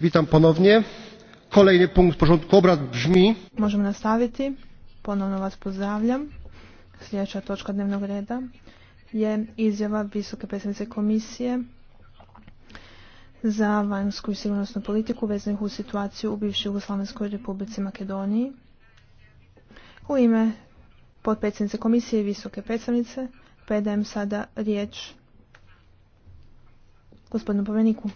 Witam ponownie. Kolejny punkt porządku obrad brzmi... Możemy nastaviti. Ponovno vas pozdravljam. Sljedeća točka dnevnog reda je izjava Visoke predsjednice komisije za vanjsku i sigurnosnu politiku vezanih u situaciju u bivšoj Jugoslavenskoj republici Makedoniji. U ime potpredsjednice komisije i visoke predstavnice predajem sada riječ gospodinu povjereniku.